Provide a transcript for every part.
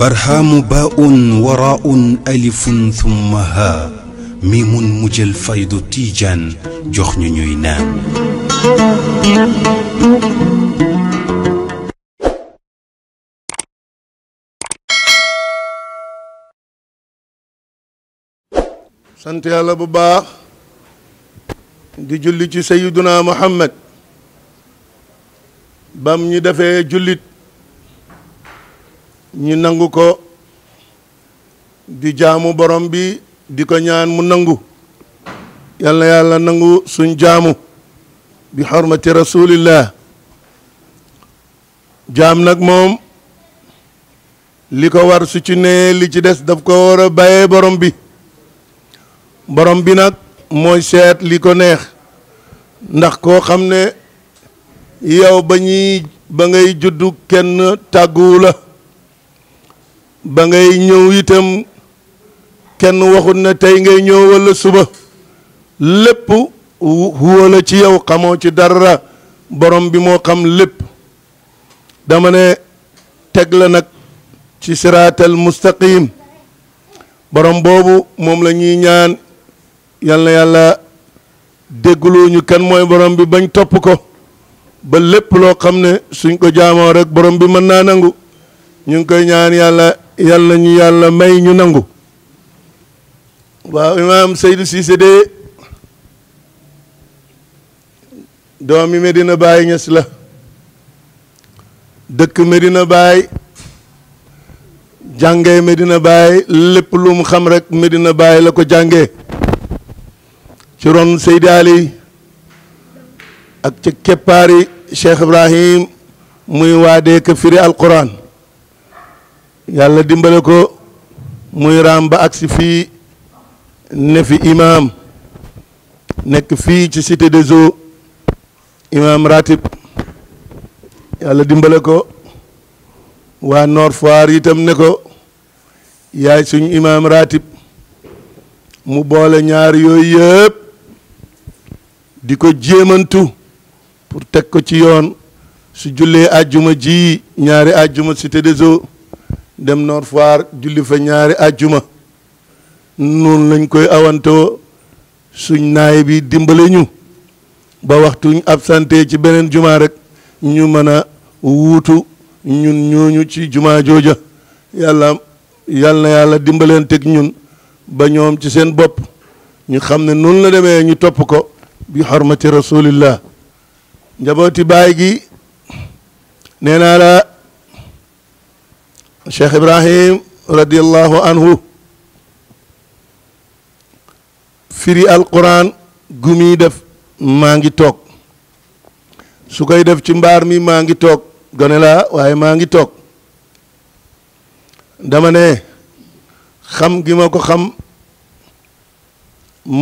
برهام باء وراء ألف ثم ها ميم مجل فيض تيجان jox ñu ñuy naan sant yàlla bu baax di julli ci sayiduna muhammad bam ñi defee jullit ñu nangu ko di jaamu borom bi di ko ñaan mu nangu yal yàlla nangu suñ jaamu bi xormati rasulillah jaam nag moom li ko war su ci nee li ci des daf ko war a bàyyee borom bi borom bi nag mooy seet li ko neex ndax koo xam ne yow ba ñuy ba ngay juddu kenn tàgguwu la ba ngay ñëw itam kenn waxut na tey ngay ñëw wala suba lépp wóola ci yow xamoo ci dara borom bi moo xam lépp dama ne teg la nag ci siraatal mustaqim borom boobu moom la ñuy ñaan yàlla yàlla déggloo kenn mooy borom bi bañ topp ko ba lépp loo xam ne suñ ko jaamoo rek borom bi mën naa nangu ñu ngi koy ñaan yàlla yàlla ñu yàlla may ñu nangu waaw imaam Seydou Cissé de doomi Medina Baay Ñas la dëkk Medina Baay jàngee Medina Baay lépp lu mu xam rek Medina Baay la ko jànge ci ron Seydi Ali ak ca keppaari Cheikh Ibrahim muy waadee ka firi alquran yàlla dimbale ko muy ràmba ba agsi fii nefi fi imaam nekk fii ci cité de eaux imaam ratib yàlla dimbale ko waa Nord Foire itam ne ko yaay suñu imaam ratib mu boole ñaar yooyu yëpp di ko jéemantu pour teg ko ci yoon su jullee àjjuma ji ñaari àjjuma cité de eaux dem Nord Foire julli fa ñaari àjjuma noonu lañ koy awantoo suñ naay bi dimbale ñu ba waxtu waxtuñ absenté ci beneen juma rek ñu mën a wuutu ñun ñooñu ci juma jooja yàlla yàlla na yàlla dimbaleen teg ñun ba ñoom ci seen bopp ñu xam ne noonu la demee ñu topp ko bi xormati rasulillah njabooti baay gi nee la Syekh Ibrahim radhiyallahu anhu firi alquran gumi def mangi tok toog su koy def ci mbar mi mangi tok gonela waye mangi tok dama ne xam gi mako xam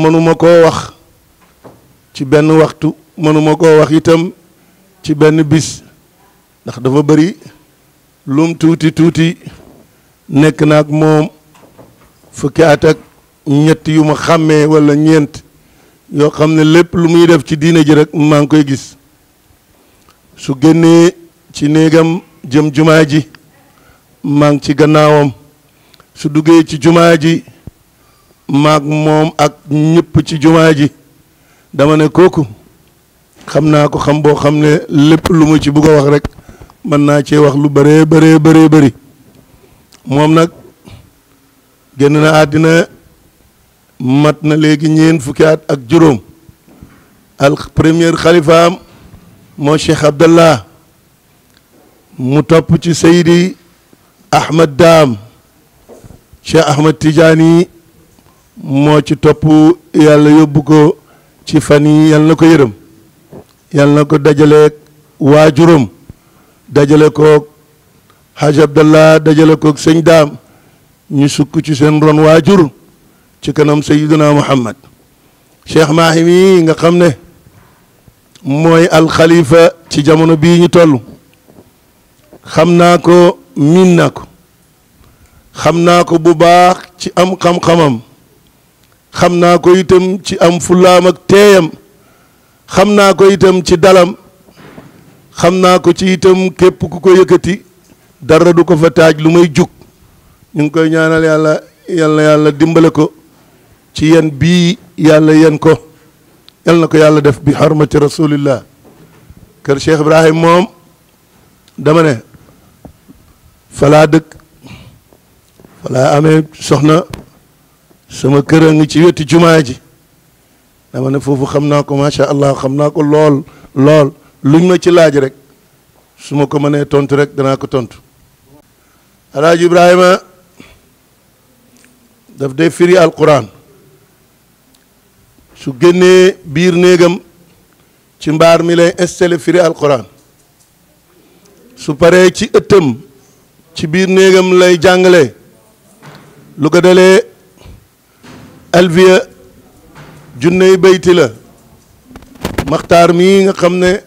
manuma ko wax ci benn waxtu manuma ko wax itam ci benn bis ndax dafa bari lum tuuti tuuti nekk naag moom fukki at ak ñett yu ma xàmmee wala ñeent yoo xam ne lépp lu muy def ci diine ji rek maa ngi koy gis su génnee ci néegam jëm jumaa ji maa ngi ci gannaawam su duggee ci jumaa ji maag moom ak ñëpp ci jumaa ji dama ne kooku xam naa ko xam boo xam ne lépp lu mu ci bugg a wax rek mën naa cee wax lu bëree bëree bëree bëri moom nag génn na àddina mat na léegi ñeen fukki at ak juróom al premier xalifaam moo Cheikh Abdallah mu topp ci Seydi Ahmed Daam Cheikh Ahmed Tidiane moo ci topp yàlla yóbbu ko ci fan yi yàlla na ko yërëm yàlla na ko waa waajuram dajale koog haj abdallah dajale kook sëñ daam ñu sukk ci seen ron waajur ci kanam sayiduna muhammad cheikh maahi mi nga xam ne mooy alxalifa ci jamono bii ñu toll xam naa ko miin naa ko xam naa ko bu baax ci am xam-xamam xam naa ko itam ci am fulaam ak teeyam xam naa ko itam ci dalam xam naa ko ci itam képp ku ko yëkkati dara du ko fa taaj lu may jug ñu ngi koy ñaanal yàlla yàlla yàlla dimbale ko ci yen bii yàlla yen ko yal na ko yàlla def bi xarmati rasulillah kër Cheikh Ibrahim moom dama ne falaa dëkk falaa amee soxna sama kër a ngi ci wetu jumaa ji dama foofu xam naa ko macha allah xam naa ko lool lool luñ ma ci laaj rek su ma ko mënee tontu rek danaa ko tontu alaaji ibrahima daf dee firi alquran su génnee biir néegam ci mbaar mi lay installé firi alquran su paree ci ëttam ci biir néegam lay jàngale lu ko dalee alviya junney bayti la maxtaar mii nga xam ne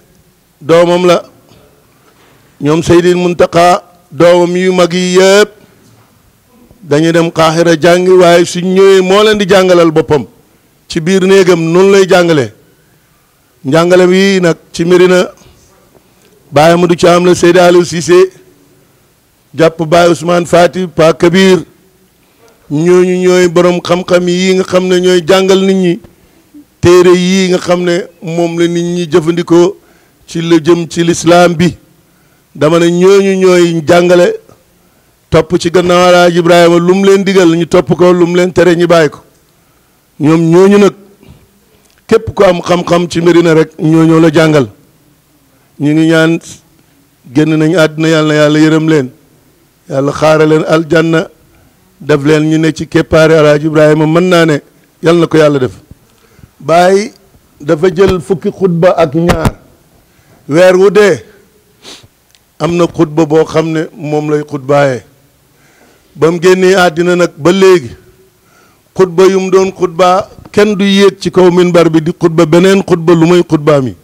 doomam la ñoom Seydil Muntaqa doomam yu mag yi yëpp dañu dem Qahira jàngi waaye suñ ñëwee moo leen di jàngalal boppam ci biir néegam noonu lay jàngale jàngale bi nag ci Medina Baye Amadou Thiam la Seydi Aliou Cissé jàpp Baye Ousmane Fati Pa Kabir ñooñu ñooy boroom xam-xam yi nga xam ne ñooy jàngal nit ñi téere yii nga xam ne moom la nit ñi jëfandikoo ci lu ci lislaam bi dama ne ñooñu ñooy jàngale topp ci gannaaw Alaaji Ibrahima lu mu leen digal ñu topp ko lu leen tere ñu bàyyi ko ñoom ñu nag képp ku am xam-xam ci Medina rek ñooñoo la jàngal ñu ngi ñaan génn nañu àddina yàlla yàlla yërëm leen yàlla xaare leen aljanna def leen ñu ne ci keppaari Alaaji Ibrahima mën naa ne yàlla na ko yàlla def Baay dafa jël fukki xutba ak ñaar weer wu de amna khutba bo xamne mom lay khutbaaye bam genné adina nak ba légui khutba yum mu doon xutbaa kenn du yéeg ci kaw minbar bi di khutba benen khutba lumay khutba mi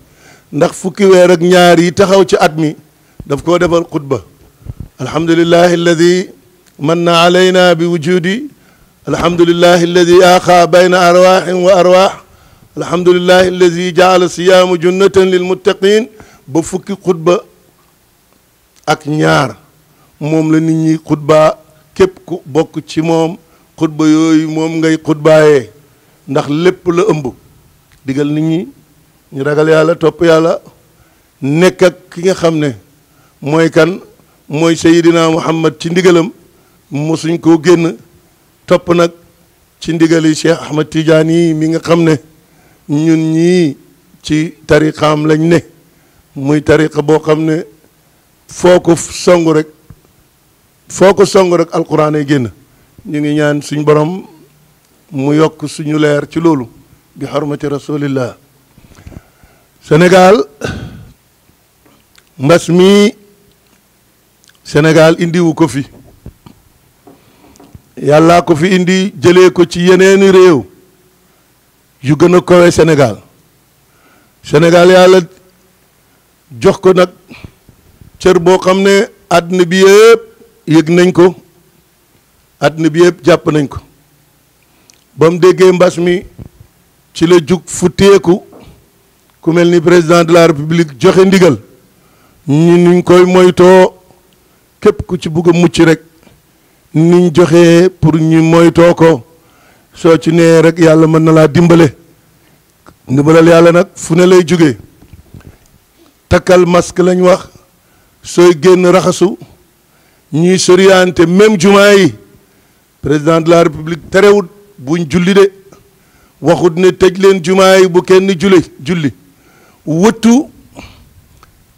ndax fukki weer ak ñaar yi taxaw ci at mi daf ko defal xutba alhamdulillahi alladi manna alayna bi wujudi لله الذي آخى بين أرواح وأرواح الحمد لله الذي جعل الصيام جنة للمتقين ba fukki khutba ak ñaar mom la nit ñi khutba kep ku bok ci mom khutba yoy mom ngay khutbaaye ndax lepp la ëmb digal nit ñi ñu ragal yalla top yalla nek ak ki nga xamne moy kan moy sayyidina muhammad ci ndigalam mosuñ ko genn top nak ci ndigali cheikh ahmad tijani mi nga xamne ñun ñi ci tariqam lañ ne muy tariqa boo xam ne foo ko songu rek foo ko songu rek alquran ay génn ñu ngi ñaan suñ borom mu yokk suñu leer ci loolu bi xormati rasulillah Sénégal mbas mi Sénégal indiwu ko fi yàllaa ko fi indi jëlee ko ci yeneeni réew yu gën a kowe Sénégal Sénégal yàlla jox ko nag cër boo xam ne àddina bi yëpp yëg nañ ko àddina bi yëpp jàpp nañ ko ba mu déggee mbas mi ci la jug fu teeku ku mel ni président de la république joxe ndigal ñu nuñ koy moytoo képp ku ci bugg a mucc rek niñ joxee pour ñu moytoo ko soo ci nee rek yàlla mën na laa dimbale ndimbalal yàlla nag fu ne lay jóge takkal masque lañ wax sooy génn raxasu ñuy soriante même jumaa yi président de la république terewut buñ julli de waxut ne tëj leen jumaa yi bu kenn julli julli wëttu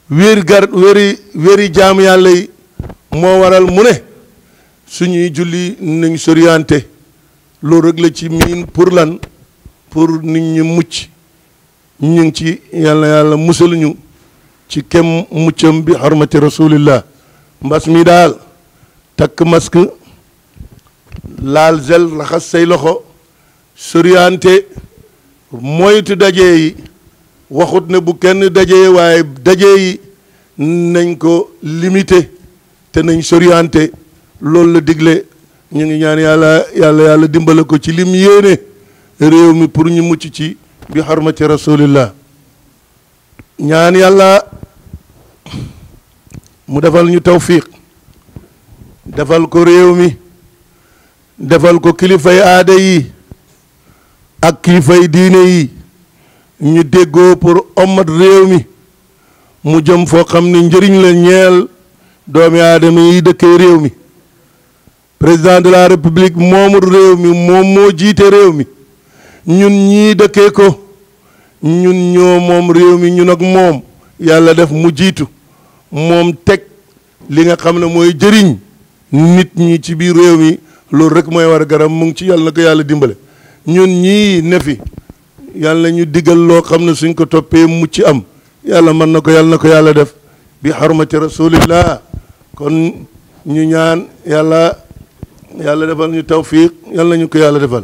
wéer gar wéeri wéeri jaam yàlla yi moo waral mu ne suñuy julli nañ soriante loo rek la ci miin pour lan pour nit ñu mucc ñu ngi ci yàlla yàlla musal ñu ci kem muccam bi xarmati rasulillah mbas mi daal takk masque laal zel raxas say loxo soriante moytu daje yi waxut na bu kenn daje waaye daje yi nañ ko limité te nañ soriante loolu la digle ñu ngi ñaan yàlla yàlla yàlla dimbale ko ci lim yéene réew mi pour ñu mucc ci bi xarmati rasulillah ñaan yàlla mu defal ñu tawfiq defal ko réew mi defal ko kilifay aada yi ak kilifay diine yi ñu déggoo pour ommat réew mi mu jëm foo xam ne njëriñ la ñeel doomi aadama yi dëkkee réew mi président de la république moomul réew mi moom moo jiite réew mi ñun ñii dëkkee ko ñun ñoo moom réew mi ñu ak moom yàlla def mu jiitu moom teg li nga xam ne mooy jëriñ nit ñi ci biir réew mi loolu rek mooy war a garam mu ngi ci yàlla ko yàlla dimbale ñun ñii nefi fi yàlla ñu diggal loo xam ne suñ ko toppee mucc am yàlla mën na ko yàlla na ko yàlla def bi xarmati rasulillah kon ñu ñaan yàlla yàlla defal ñu tawfiq yàlla ñu ko yàlla defal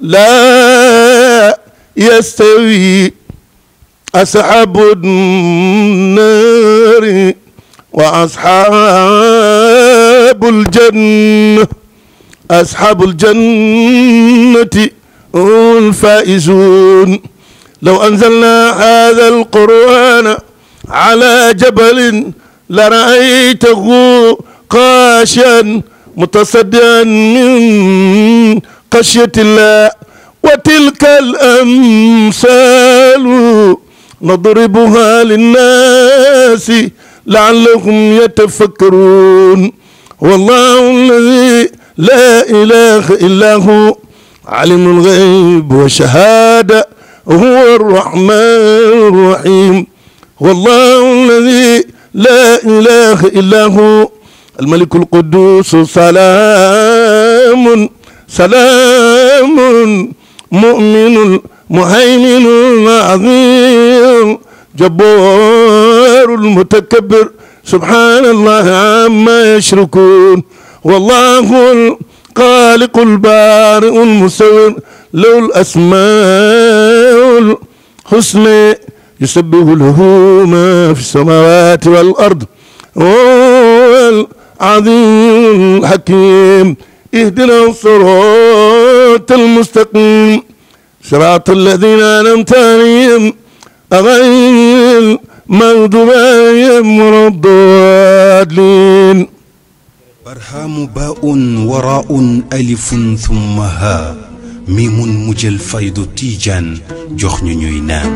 لا يستوي أصحاب النار وأصحاب الجنة أصحاب الجنة هم الفائزون لو أنزلنا هذا القرآن على جبل لرأيته قاشا متصدعا من خشية الله وتلك الأمثال نضربها للناس لعلهم يتفكرون والله الذي لا إله إلا هو علم الغيب والشهادة هو الرحمن الرحيم والله الذي لا إله إلا هو الملك القدوس سلام سلام مؤمن مهيمن عظيم جبار المتكبر سبحان الله عما يشركون والله الخالق البارئ المصور له الأسماء الحسنى يسبح له ما في السماوات والأرض هو العظيم الحكيم اهدنا الصراط المستقيم صراط الذين أنعمت عليهم اغير مغضوب عليهم ولا الضالين برهام باء وراء ألف ثم ها ميم مجل فيض تيجان جخن نيوينا